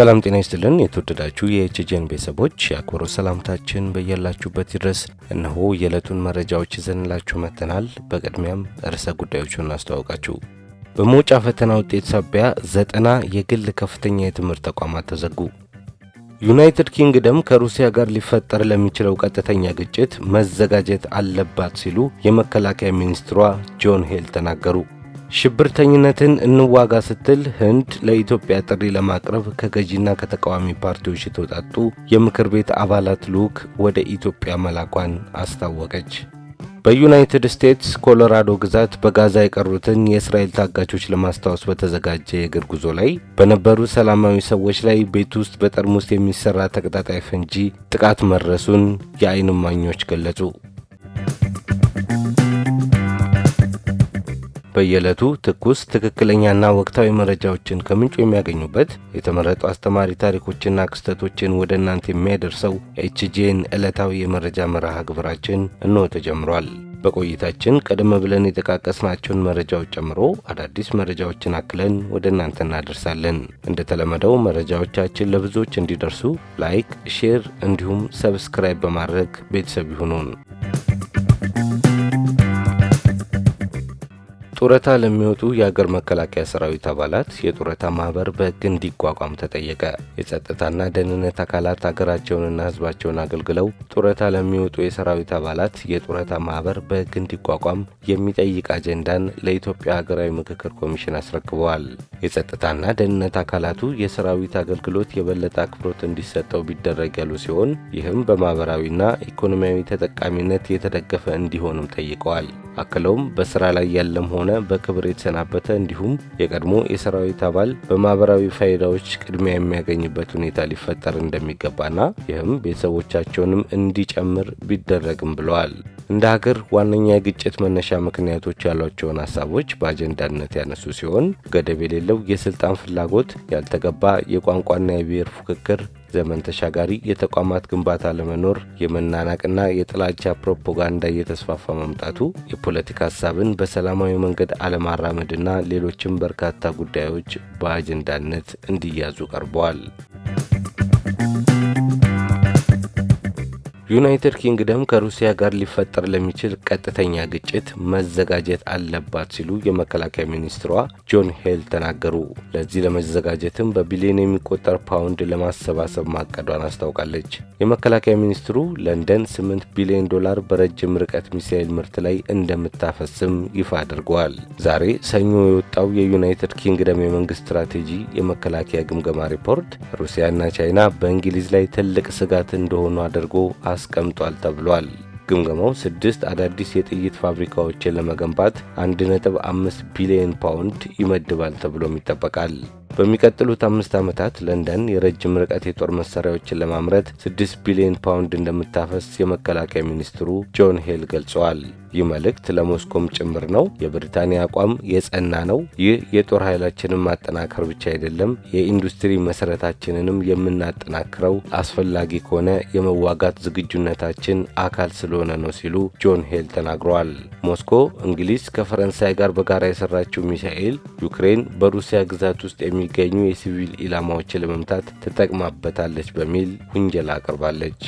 ሰላም ጤና ይስጥልን። የተወደዳችሁ የኤችጀን ቤተሰቦች የአክብሮት ሰላምታችን በያላችሁበት ድረስ እነሆ የዕለቱን መረጃዎች ይዘንላችሁ መጥተናል። በቅድሚያም ርዕሰ ጉዳዮቹን እናስተዋውቃችሁ። በመውጫ ፈተና ውጤት ሳቢያ ዘጠና የግል ከፍተኛ የትምህርት ተቋማት ተዘጉ። ዩናይትድ ኪንግደም ከሩሲያ ጋር ሊፈጠር ለሚችለው ቀጥተኛ ግጭት መዘጋጀት አለባት ሲሉ የመከላከያ ሚኒስትሯ ጆን ሄል ተናገሩ። ሽብርተኝነትን እንዋጋ ስትል ህንድ ለኢትዮጵያ ጥሪ ለማቅረብ ከገዢና ከተቃዋሚ ፓርቲዎች የተውጣጡ የምክር ቤት አባላት ልዑክ ወደ ኢትዮጵያ መላኳን አስታወቀች። በዩናይትድ ስቴትስ ኮሎራዶ ግዛት በጋዛ የቀሩትን የእስራኤል ታጋቾች ለማስታወስ በተዘጋጀ የእግር ጉዞ ላይ በነበሩ ሰላማዊ ሰዎች ላይ ቤት ውስጥ በጠርሙስ የሚሰራ ተቀጣጣይ ፈንጂ ጥቃት መድረሱን የዓይን እማኞች ገለጹ። በየዕለቱ ትኩስ ትክክለኛና ወቅታዊ መረጃዎችን ከምንጩ የሚያገኙበት የተመረጡ አስተማሪ ታሪኮችና ክስተቶችን ወደ እናንተ የሚያደርሰው ኤችጄን ዕለታዊ የመረጃ መርሃ ግብራችን እንሆ ተጀምሯል። በቆይታችን ቀደም ብለን የጠቃቀስናቸውን መረጃዎች ጨምሮ አዳዲስ መረጃዎችን አክለን ወደ እናንተ እናደርሳለን። እንደተለመደው መረጃዎቻችን ለብዙዎች እንዲደርሱ ላይክ፣ ሼር እንዲሁም ሰብስክራይብ በማድረግ ቤተሰብ ይሁኑን። ጡረታ ለሚወጡ የአገር መከላከያ ሰራዊት አባላት የጡረታ ማህበር በህግ እንዲቋቋም ተጠየቀ። የጸጥታና ደህንነት አካላት ሀገራቸውንና ህዝባቸውን አገልግለው ጡረታ ለሚወጡ የሰራዊት አባላት የጡረታ ማህበር በህግ እንዲቋቋም የሚጠይቅ አጀንዳን ለኢትዮጵያ ሀገራዊ ምክክር ኮሚሽን አስረክበዋል። የጸጥታና ደህንነት አካላቱ የሰራዊት አገልግሎት የበለጠ አክብሮት እንዲሰጠው ቢደረግ ያሉ ሲሆን ይህም በማህበራዊና ኢኮኖሚያዊ ተጠቃሚነት የተደገፈ እንዲሆንም ጠይቀዋል። አክለውም በስራ ላይ ያለም ሆነ ሆነ በክብር የተሰናበተ እንዲሁም የቀድሞ የሰራዊት አባል በማህበራዊ ፋይዳዎች ቅድሚያ የሚያገኝበት ሁኔታ ሊፈጠር እንደሚገባና ይህም ቤተሰቦቻቸውንም እንዲጨምር ቢደረግም ብለዋል። እንደ ሀገር ዋነኛ የግጭት መነሻ ምክንያቶች ያሏቸውን ሀሳቦች በአጀንዳነት ያነሱ ሲሆን ገደብ የሌለው የስልጣን ፍላጎት፣ ያልተገባ የቋንቋና የብሔር ፉክክር፣ ዘመን ተሻጋሪ የተቋማት ግንባታ ለመኖር የመናናቅና የጥላቻ ፕሮፓጋንዳ እየተስፋፋ መምጣቱ፣ የፖለቲካ ሀሳብን በሰላማዊ መንገድ አለማራመድና ሌሎችም በርካታ ጉዳዮች በአጀንዳነት እንዲያዙ ቀርበዋል። ዩናይትድ ኪንግደም ከሩሲያ ጋር ሊፈጠር ለሚችል ቀጥተኛ ግጭት መዘጋጀት አለባት ሲሉ የመከላከያ ሚኒስትሯ ጆን ሄል ተናገሩ። ለዚህ ለመዘጋጀትም በቢሊዮን የሚቆጠር ፓውንድ ለማሰባሰብ ማቀዷን አስታውቃለች። የመከላከያ ሚኒስትሩ ለንደን 8 ቢሊዮን ዶላር በረጅም ርቀት ሚሳኤል ምርት ላይ እንደምታፈስም ይፋ አድርገዋል። ዛሬ ሰኞ የወጣው የዩናይትድ ኪንግደም የመንግስት ስትራቴጂ የመከላከያ ግምገማ ሪፖርት ሩሲያና ቻይና በእንግሊዝ ላይ ትልቅ ስጋት እንደሆኑ አድርጎ አስቀምጧል ተብሏል። ግምገማው ስድስት አዳዲስ የጥይት ፋብሪካዎችን ለመገንባት 1.5 ቢሊዮን ፓውንድ ይመድባል ተብሎም ይጠበቃል። በሚቀጥሉት አምስት ዓመታት ለንደን የረጅም ርቀት የጦር መሳሪያዎችን ለማምረት ስድስት ቢሊዮን ፓውንድ እንደምታፈስ የመከላከያ ሚኒስትሩ ጆን ሄል ገልጸዋል። ይህ መልእክት ለሞስኮም ጭምር ነው። የብሪታንያ አቋም የጸና ነው። ይህ የጦር ኃይላችንን ማጠናከር ብቻ አይደለም፣ የኢንዱስትሪ መሰረታችንንም የምናጠናክረው አስፈላጊ ከሆነ የመዋጋት ዝግጁነታችን አካል ስለሆነ ነው ሲሉ ጆን ሄል ተናግረዋል። ሞስኮ እንግሊዝ ከፈረንሳይ ጋር በጋራ የሰራችው ሚሳኤል ዩክሬን በሩሲያ ግዛት ውስጥ የሚ የሚገኙ የሲቪል ኢላማዎችን ለመምታት ትጠቅማበታለች በሚል ውንጀላ አቅርባለች።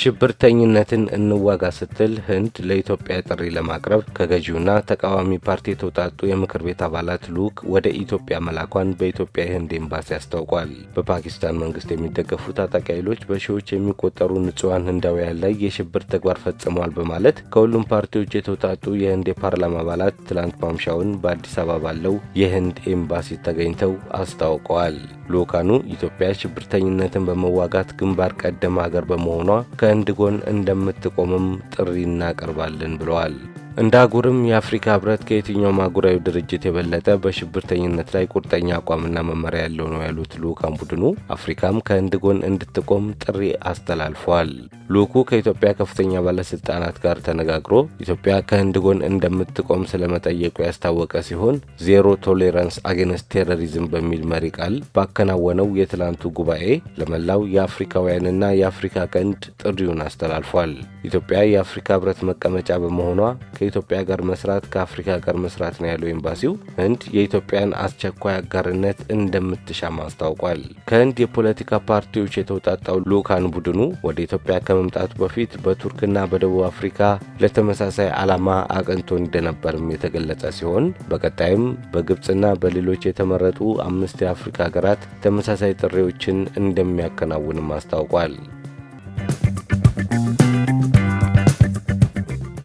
ሽብርተኝነትን እንዋጋ ስትል ህንድ ለኢትዮጵያ ጥሪ ለማቅረብ ከገዢውና ተቃዋሚ ፓርቲ የተውጣጡ የምክር ቤት አባላት ልዑክ ወደ ኢትዮጵያ መላኳን በኢትዮጵያ የህንድ ኤምባሲ አስታውቋል። በፓኪስታን መንግስት የሚደገፉ ታጣቂ ኃይሎች በሺዎች የሚቆጠሩ ንጹሐን ህንዳውያን ላይ የሽብር ተግባር ፈጽመዋል በማለት ከሁሉም ፓርቲዎች የተውጣጡ የህንድ የፓርላማ አባላት ትላንት ማምሻውን በአዲስ አበባ ባለው የህንድ ኤምባሲ ተገኝተው አስታውቀዋል። ልኡካኑ ኢትዮጵያ ሽብርተኝነትን በመዋጋት ግንባር ቀደም ሀገር በመሆኗ ከህንድ ጎን እንደምትቆምም ጥሪ እናቀርባለን ብለዋል። እንደ አህጉርም የአፍሪካ ህብረት ከየትኛውም አህጉራዊ ድርጅት የበለጠ በሽብርተኝነት ላይ ቁርጠኛ አቋምና መመሪያ ያለው ነው ያሉት ልዑካን ቡድኑ አፍሪካም ከህንድ ጎን እንድትቆም ጥሪ አስተላልፏል። ልዑኩ ከኢትዮጵያ ከፍተኛ ባለስልጣናት ጋር ተነጋግሮ ኢትዮጵያ ከህንድ ጎን እንደምትቆም ስለመጠየቁ ያስታወቀ ሲሆን ዜሮ ቶሌራንስ አጌንስት ቴሮሪዝም በሚል መሪ ቃል ባከናወነው የትላንቱ ጉባኤ ለመላው የአፍሪካውያንና የአፍሪካ ቀንድ ጥሪውን አስተላልፏል። ኢትዮጵያ የአፍሪካ ህብረት መቀመጫ በመሆኗ ከኢትዮጵያ ጋር መስራት ከአፍሪካ ጋር መስራት ነው ያለው ኤምባሲው፣ ህንድ የኢትዮጵያን አስቸኳይ አጋርነት እንደምትሻም አስታውቋል። ከህንድ የፖለቲካ ፓርቲዎች የተውጣጣው ሉካን ቡድኑ ወደ ኢትዮጵያ ከመምጣቱ በፊት በቱርክና በደቡብ አፍሪካ ለተመሳሳይ ዓላማ አቅንቶ እንደነበርም የተገለጸ ሲሆን በቀጣይም በግብፅና በሌሎች የተመረጡ አምስት የአፍሪካ ሀገራት ተመሳሳይ ጥሪዎችን እንደሚያከናውንም አስታውቋል።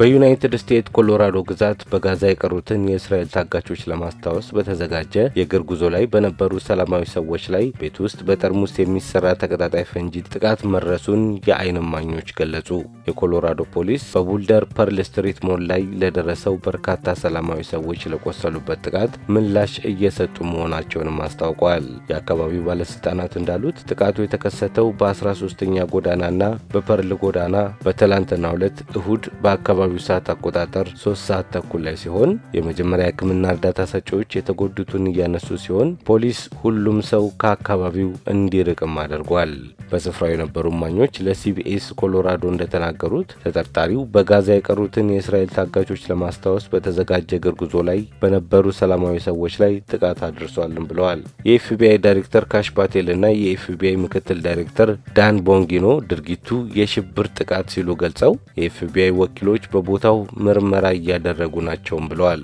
በዩናይትድ ስቴትስ ኮሎራዶ ግዛት በጋዛ የቀሩትን የእስራኤል ታጋቾች ለማስታወስ በተዘጋጀ የእግር ጉዞ ላይ በነበሩ ሰላማዊ ሰዎች ላይ ቤት ውስጥ በጠርሙስ የሚሰራ ተቀጣጣይ ፈንጂ ጥቃት መድረሱን የዓይን እማኞች ገለጹ። የኮሎራዶ ፖሊስ በቡልደር ፐርል ስትሪት ሞል ላይ ለደረሰው በርካታ ሰላማዊ ሰዎች ለቆሰሉበት ጥቃት ምላሽ እየሰጡ መሆናቸውንም አስታውቋል። የአካባቢው ባለስልጣናት እንዳሉት ጥቃቱ የተከሰተው በ13ኛ ጎዳናና በፐርል ጎዳና በትላንትናው ዕለት እሁድ በአካባቢ በአካባቢው ሰዓት አቆጣጠር 3 ሰዓት ተኩል ላይ ሲሆን የመጀመሪያ ሕክምና እርዳታ ሰጪዎች የተጎዱትን እያነሱ ሲሆን ፖሊስ ሁሉም ሰው ከአካባቢው እንዲርቅም አድርጓል። በስፍራው የነበሩ እማኞች ለሲቢኤስ ኮሎራዶ እንደተናገሩት ተጠርጣሪው በጋዛ የቀሩትን የእስራኤል ታጋቾች ለማስታወስ በተዘጋጀ እግር ጉዞ ላይ በነበሩ ሰላማዊ ሰዎች ላይ ጥቃት አድርሷልም ብለዋል። የኤፍቢአይ ዳይሬክተር ካሽ ባቴል እና የኤፍቢአይ ምክትል ዳይሬክተር ዳን ቦንጊኖ ድርጊቱ የሽብር ጥቃት ሲሉ ገልጸው የኤፍቢአይ ወኪሎች በቦታው ምርመራ እያደረጉ ናቸውም ብለዋል።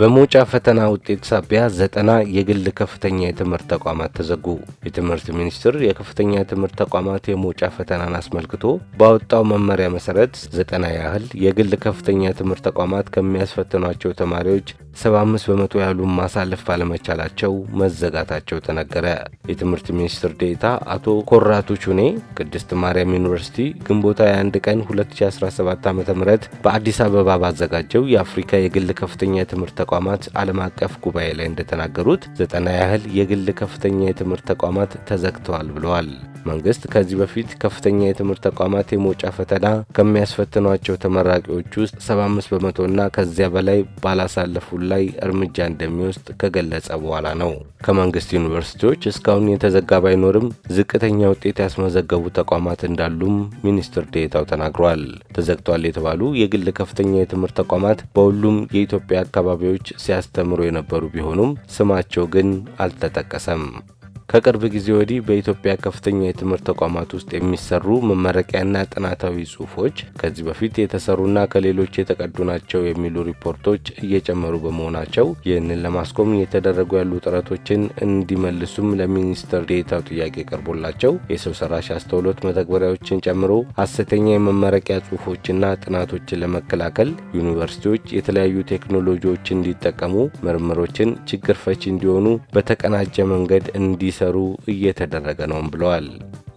በመውጫ ፈተና ውጤት ሳቢያ ዘጠና የግል ከፍተኛ የትምህርት ተቋማት ተዘጉ። የትምህርት ሚኒስቴር የከፍተኛ የትምህርት ተቋማት የመውጫ ፈተናን አስመልክቶ ባወጣው መመሪያ መሰረት ዘጠና ያህል የግል ከፍተኛ የትምህርት ተቋማት ከሚያስፈትኗቸው ተማሪዎች 75 በመቶ ያህሉን ማሳለፍ ባለመቻላቸው መዘጋታቸው ተነገረ። የትምህርት ሚኒስትር ዴታ አቶ ኮራቱ ቹኔ ቅድስት ማርያም ዩኒቨርሲቲ ግንቦት 21 ቀን 2017 ዓ ም በአዲስ አበባ ባዘጋጀው የአፍሪካ የግል ከፍተኛ የትምህርት ተቋማት ዓለም አቀፍ ጉባኤ ላይ እንደተናገሩት ዘጠና ያህል የግል ከፍተኛ የትምህርት ተቋማት ተዘግተዋል ብለዋል። መንግስት ከዚህ በፊት ከፍተኛ የትምህርት ተቋማት የመውጫ ፈተና ከሚያስፈትኗቸው ተመራቂዎች ውስጥ 75 በመቶና ከዚያ በላይ ባላሳለፉ ላይ እርምጃ እንደሚወስድ ከገለጸ በኋላ ነው። ከመንግስት ዩኒቨርሲቲዎች እስካሁን የተዘጋ ባይኖርም ዝቅተኛ ውጤት ያስመዘገቡ ተቋማት እንዳሉም ሚኒስትር ዴታው ተናግሯል። ተዘግቷል የተባሉ የግል ከፍተኛ የትምህርት ተቋማት በሁሉም የኢትዮጵያ አካባቢዎች ሲያስተምሩ የነበሩ ቢሆኑም ስማቸው ግን አልተጠቀሰም። ከቅርብ ጊዜ ወዲህ በኢትዮጵያ ከፍተኛ የትምህርት ተቋማት ውስጥ የሚሰሩ መመረቂያና ጥናታዊ ጽሁፎች ከዚህ በፊት የተሰሩና ከሌሎች የተቀዱ ናቸው የሚሉ ሪፖርቶች እየጨመሩ በመሆናቸው ይህንን ለማስቆም እየተደረጉ ያሉ ጥረቶችን እንዲመልሱም ለሚኒስትር ዴታው ጥያቄ ቀርቦላቸው የሰው ሰራሽ አስተውሎት መተግበሪያዎችን ጨምሮ ሀሰተኛ የመመረቂያ ጽሁፎችና ጥናቶችን ለመከላከል ዩኒቨርሲቲዎች የተለያዩ ቴክኖሎጂዎችን እንዲጠቀሙ፣ ምርምሮችን ችግር ፈቺ እንዲሆኑ በተቀናጀ መንገድ እንዲ እንዲሰሩ እየተደረገ ነውም ብለዋል።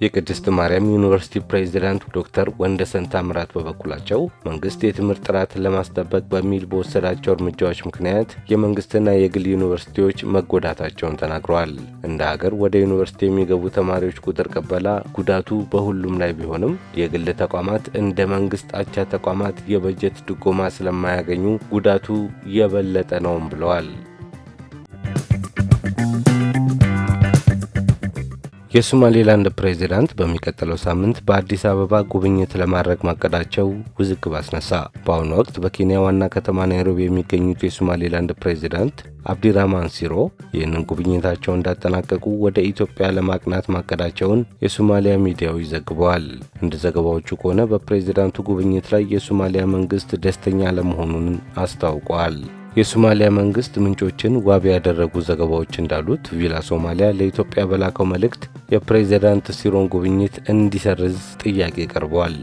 የቅድስት ማርያም ዩኒቨርሲቲ ፕሬዚዳንት ዶክተር ወንደሰን ታምራት በበኩላቸው መንግስት የትምህርት ጥራትን ለማስጠበቅ በሚል በወሰዳቸው እርምጃዎች ምክንያት የመንግስትና የግል ዩኒቨርሲቲዎች መጎዳታቸውን ተናግረዋል። እንደ ሀገር ወደ ዩኒቨርሲቲ የሚገቡ ተማሪዎች ቁጥር ቅበላ ጉዳቱ በሁሉም ላይ ቢሆንም የግል ተቋማት እንደ መንግስት አቻ ተቋማት የበጀት ድጎማ ስለማያገኙ ጉዳቱ የበለጠ ነውም ብለዋል። የሶማሌላንድ ፕሬዚዳንት በሚቀጥለው ሳምንት በአዲስ አበባ ጉብኝት ለማድረግ ማቀዳቸው ውዝግብ አስነሳ። በአሁኑ ወቅት በኬንያ ዋና ከተማ ናይሮቢ የሚገኙት የሶማሌላንድ ፕሬዚዳንት አብዲራማን ሲሮ ይህንን ጉብኝታቸው እንዳጠናቀቁ ወደ ኢትዮጵያ ለማቅናት ማቀዳቸውን የሶማሊያ ሚዲያዎች ዘግበዋል። እንደ ዘገባዎቹ ከሆነ በፕሬዚዳንቱ ጉብኝት ላይ የሶማሊያ መንግስት ደስተኛ ለመሆኑን አስታውቋል። የሶማሊያ መንግስት ምንጮችን ዋቢ ያደረጉ ዘገባዎች እንዳሉት ቪላ ሶማሊያ ለኢትዮጵያ በላከው መልእክት የፕሬዚዳንት ሲሮን ጉብኝት እንዲሰርዝ ጥያቄ ቀርቧል።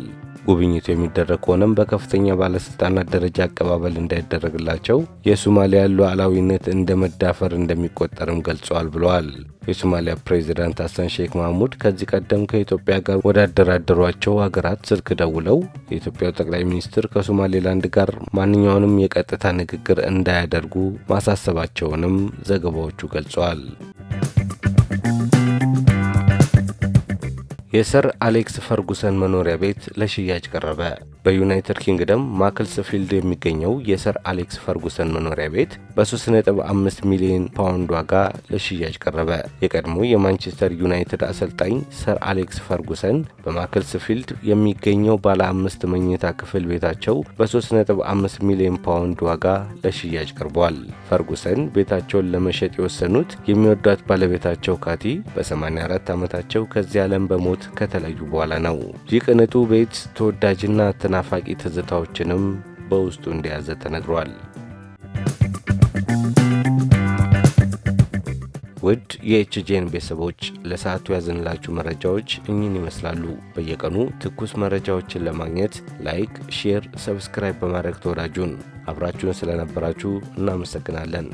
ጉብኝቱ የሚደረግ ከሆነም በከፍተኛ ባለስልጣናት ደረጃ አቀባበል እንዳይደረግላቸው የሶማሊያ ሉዓላዊነት እንደ መዳፈር እንደሚቆጠርም ገልጸዋል ብለዋል። የሶማሊያ ፕሬዚዳንት ሀሰን ሼክ ማህሙድ ከዚህ ቀደም ከኢትዮጵያ ጋር ወዳደራደሯቸው ሀገራት ስልክ ደውለው የኢትዮጵያው ጠቅላይ ሚኒስትር ከሶማሌላንድ ጋር ማንኛውንም የቀጥታ ንግግር እንዳያደርጉ ማሳሰባቸውንም ዘገባዎቹ ገልጸዋል። የሰር አሌክስ ፈርጉሰን መኖሪያ ቤት ለሽያጭ ቀረበ። በዩናይትድ ኪንግደም ፊልድ የሚገኘው የሰር አሌክስ ፈርጉሰን መኖሪያ ቤት በ3.5 ሚሊዮን ፓውንድ ዋጋ ለሽያጭ ቀረበ። የቀድሞ የማንቸስተር ዩናይትድ አሰልጣኝ ሰር አሌክስ ፈርጉሰን ፊልድ የሚገኘው ባለ አምስት መኝታ ክፍል ቤታቸው በ3.5 ሚሊዮን ፓውንድ ዋጋ ለሽያጭ ቀርቧል። ፈርጉሰን ቤታቸውን ለመሸጥ የወሰኑት የሚወዷት ባለቤታቸው ካቲ በ84 ዓመታቸው ከዚህ ዓለም በሞት በሞት ከተለዩ በኋላ ነው። ይህ ቅንጡ ቤት ተወዳጅና ተናፋቂ ትዝታዎችንም በውስጡ እንደያዘ ተነግሯል። ውድ የኤችጄን ቤተሰቦች ለሰዓቱ ያዘንላችሁ መረጃዎች እኚህን ይመስላሉ። በየቀኑ ትኩስ መረጃዎችን ለማግኘት ላይክ፣ ሼር፣ ሰብስክራይብ በማድረግ ተወዳጁን አብራችሁን ስለነበራችሁ እናመሰግናለን።